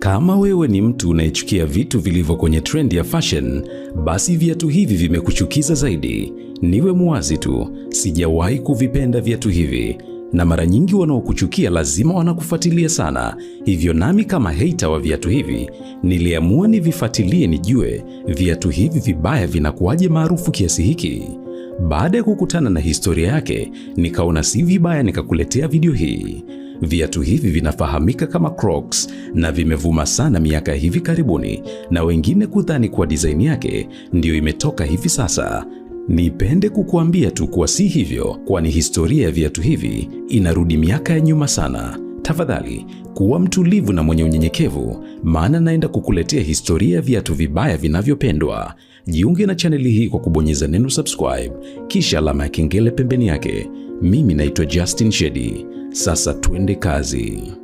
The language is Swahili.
Kama wewe ni mtu unayechukia vitu vilivyo kwenye trend ya fashion, basi viatu hivi vimekuchukiza zaidi. Niwe muwazi tu, sijawahi kuvipenda viatu hivi, na mara nyingi wanaokuchukia lazima wanakufuatilia sana. Hivyo nami kama hater wa viatu hivi niliamua nivifuatilie, nijue viatu hivi vibaya vinakuwaje maarufu kiasi hiki. Baada ya kukutana na historia yake, nikaona si vibaya nikakuletea video hii. Viatu hivi vinafahamika kama Crocs na vimevuma sana miaka hivi karibuni, na wengine kudhani kwa design yake ndiyo imetoka hivi sasa. Nipende kukuambia tu kuwa si hivyo, kwani historia ya viatu hivi inarudi miaka ya nyuma sana. Tafadhali kuwa mtulivu na mwenye unyenyekevu, maana naenda kukuletea historia ya viatu vibaya vinavyopendwa. Jiunge na chaneli hii kwa kubonyeza neno subscribe, kisha alama ya kengele pembeni yake. Mimi naitwa Justin Shedi. Sasa twende kazi.